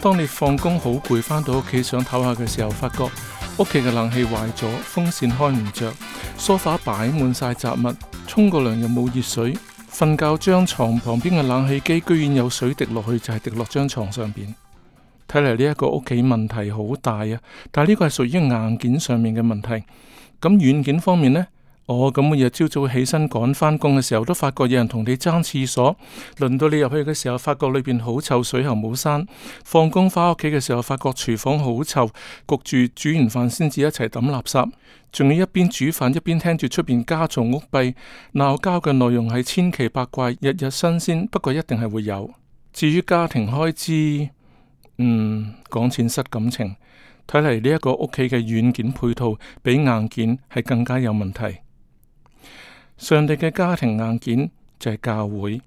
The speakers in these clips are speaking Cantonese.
當你放工好攰，翻到屋企想唞下嘅時候，發覺屋企嘅冷氣壞咗，風扇開唔着，梳化擺滿晒雜物，沖個涼又冇熱水，瞓覺張牀旁邊嘅冷氣機居然有水滴落去，就係滴落張床上邊。睇嚟呢一個屋企問題好大啊！但係呢個係屬於硬件上面嘅問題，咁軟件方面呢？哦，咁每日朝早起身趕翻工嘅時候，都發覺有人同你爭廁所。輪到你入去嘅時候，發覺裏邊好臭，水喉冇閂。放工翻屋企嘅時候，發覺廚房好臭，焗住煮完飯先至一齊抌垃圾。仲要一邊煮飯一邊聽住出邊家嘈屋閉鬧交嘅內容係千奇百怪，日日新鮮。不過一定係會有。至於家庭開支，嗯，講錢失感情。睇嚟，呢一個屋企嘅軟件配套比硬件係更加有問題。上帝嘅家庭硬件就係教會，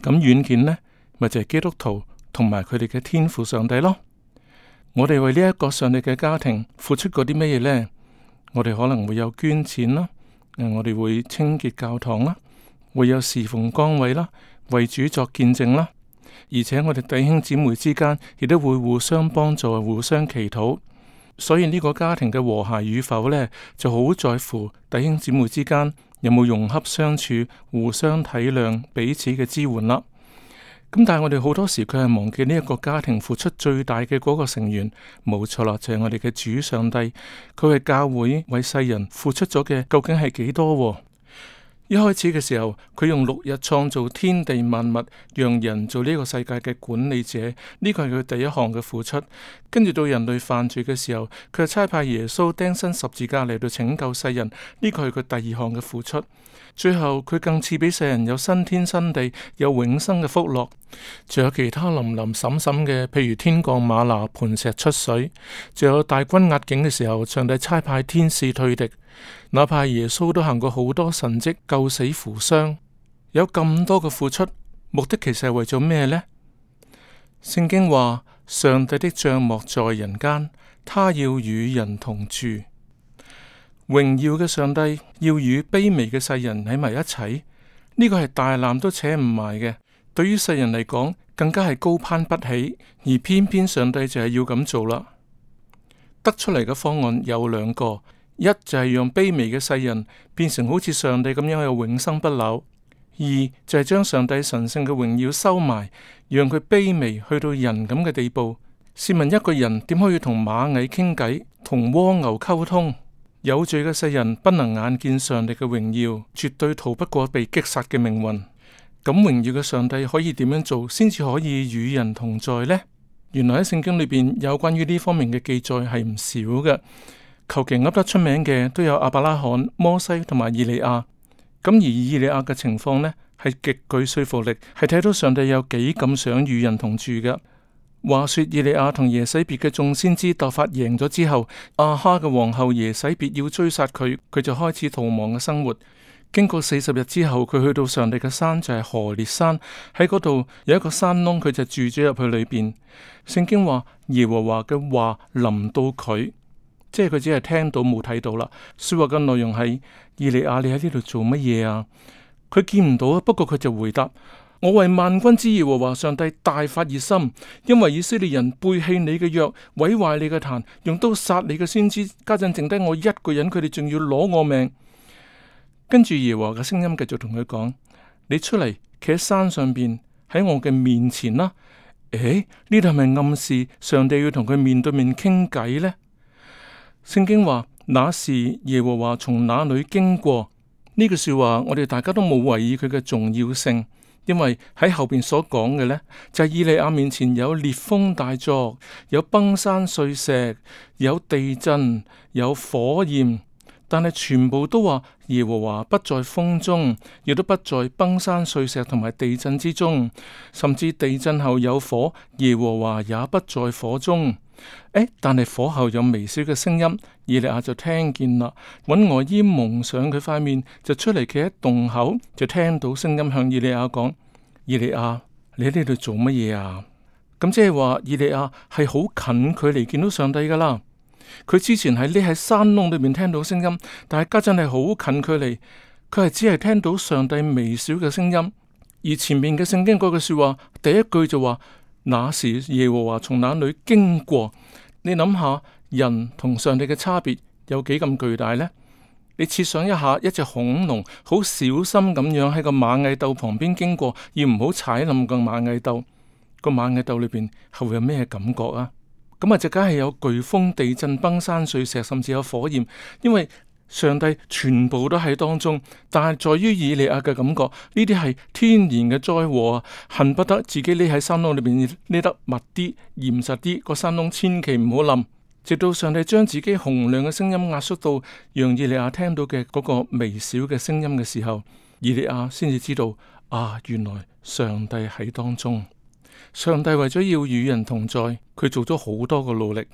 咁軟件呢咪就係基督徒同埋佢哋嘅天父上帝咯。我哋為呢一個上帝嘅家庭付出過啲咩嘢呢？我哋可能會有捐錢啦，我哋會清潔教堂啦，會有侍奉崗位啦，為主作見證啦。而且我哋弟兄姊妹之間亦都會互相幫助，互相祈禱。所以呢個家庭嘅和諧與否呢，就好在乎弟兄姊妹之間。有冇融合相處、互相體諒、彼此嘅支援啦？咁但係我哋好多時佢係忘記呢一個家庭付出最大嘅嗰個成員，冇錯啦，就係、是、我哋嘅主上帝。佢為教會、為世人付出咗嘅究竟係幾多？一開始嘅時候，佢用六日創造天地萬物，讓人做呢個世界嘅管理者，呢個係佢第一項嘅付出。跟住到人類犯罪嘅時候，佢又差派耶穌釘身十字架嚟到拯救世人，呢個係佢第二項嘅付出。最後佢更賜俾世人有新天新地，有永生嘅福樂，仲有其他林林沈沈嘅，譬如天降馬拿磐石出水，仲有大軍壓境嘅時候，上帝差派天使退敵。哪怕耶穌都行過好多神蹟、救死扶傷，有咁多嘅付出，目的其實係為咗咩呢？聖經話，上帝的帳幕在人間，他要與人同住。榮耀嘅上帝要與卑微嘅世人喺埋一齊。呢個係大難都扯唔埋嘅，對於世人嚟講更加係高攀不起，而偏偏上帝就係要咁做啦。得出嚟嘅方案有兩個。一就係讓卑微嘅世人變成好似上帝咁樣嘅永生不朽；二就係將上帝神聖嘅榮耀收埋，讓佢卑微去到人咁嘅地步。試問一個人點可以同螞蟻傾偈、同蝸牛溝通？有罪嘅世人不能眼見上帝嘅榮耀，絕對逃不過被擊殺嘅命運。咁榮耀嘅上帝可以點樣做先至可以與人同在呢？原來喺聖經裏邊有關於呢方面嘅記載係唔少嘅。求其噏得出名嘅都有亞伯拉罕、摩西同埋以利亞，咁而以利亞嘅情況呢？係極具說服力，係睇到上帝有幾咁想與人同住嘅。話說以利亞同耶洗別嘅眾先知鬥法贏咗之後，亞哈嘅皇后耶洗別要追殺佢，佢就開始逃亡嘅生活。經過四十日之後，佢去到上帝嘅山就係何烈山，喺嗰度有一個山窿，佢就住咗入去裏邊。聖經話耶和華嘅話臨到佢。即係佢只係聽到冇睇到啦。說話嘅內容係：以利亞，你喺呢度做乜嘢啊？佢見唔到啊，不過佢就回答：我為萬軍之耶和華上帝大發熱心，因為以色列人背棄你嘅約，毀壞你嘅壇，用刀殺你嘅先知，家陣剩低我一個人，佢哋仲要攞我命。跟住耶和華嘅聲音繼續同佢講：你出嚟企喺山上邊喺我嘅面前啦。誒，呢度係咪暗示上帝要同佢面對面傾偈呢？聖經話，那時耶和華從那裏經過？呢句說話，我哋大家都冇懷疑佢嘅重要性，因為喺後邊所講嘅呢，就在、是、以利亞面前有烈風大作，有崩山碎石，有地震，有火焰，但係全部都話耶和華不在風中，亦都不在崩山碎石同埋地震之中，甚至地震後有火，耶和華也不在火中。.哎，但係火後有微小嘅聲音，以利亞就聽見啦，揾外衣蒙上佢塊面，就出嚟企喺洞口，就聽到聲音向以利亞講：以利亞，你喺呢度做乜嘢啊？咁即係話，以利亞係好近距離見到上帝噶啦，佢之前係匿喺山窿裏面聽到聲音，但係家陣係好近距離，佢係只係聽到上帝微小嘅聲音，而前面嘅聖經句嘅說話，第一句就話。那時耶和華從那裡經過？你諗下，人同上帝嘅差別有幾咁巨大呢？你設想一下，一隻恐龍好小心咁樣喺個螞蟻竇旁邊經過，而唔好踩冧個螞蟻竇，個螞蟻竇裏邊係會有咩感覺啊？咁啊，只梗係有颶風、地震、崩山碎石，甚至有火焰，因為。上帝全部都喺當中，但係在於以利亞嘅感覺，呢啲係天然嘅災禍啊，恨不得自己匿喺山窿裏邊匿得密啲、嚴實啲，個山窿千祈唔好冧。直到上帝將自己洪亮嘅聲音壓縮到，讓以利亞聽到嘅嗰個微小嘅聲音嘅時候，以利亞先至知道啊，原來上帝喺當中。上帝為咗要與人同在，佢做咗好多嘅努力。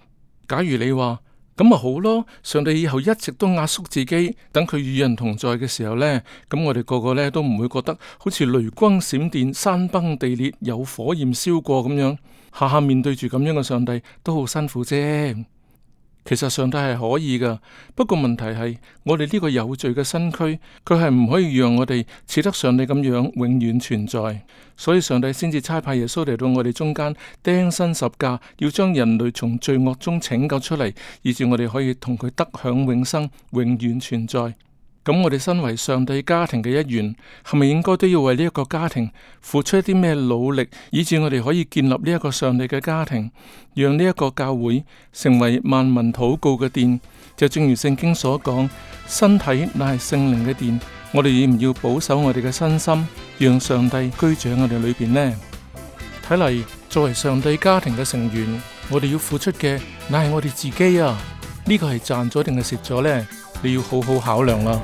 假如你話，咁咪好咯！上帝以後一直都壓縮自己，等佢與人同在嘅時候呢，咁我哋個個呢都唔會覺得好似雷光閃電、山崩地裂、有火焰燒過咁樣，下下面對住咁樣嘅上帝都好辛苦啫。其實上帝係可以噶，不過問題係我哋呢個有罪嘅身軀，佢係唔可以讓我哋似得上帝咁樣永遠存在，所以上帝先至差派耶穌嚟到我哋中間，釘身十架，要將人類從罪惡中拯救出嚟，以至我哋可以同佢得享永生，永遠存在。咁我哋身為上帝家庭嘅一員，係咪應該都要為呢一個家庭付出一啲咩努力，以致我哋可以建立呢一個上帝嘅家庭，讓呢一個教會成為萬民禱告嘅殿？就正如聖經所講，身體乃係聖靈嘅殿，我哋要唔要保守我哋嘅身心，讓上帝居住喺我哋裏邊呢？睇嚟作為上帝家庭嘅成員，我哋要付出嘅，乃係我哋自己啊！呢、這個係賺咗定係蝕咗呢？你要好好考量啦。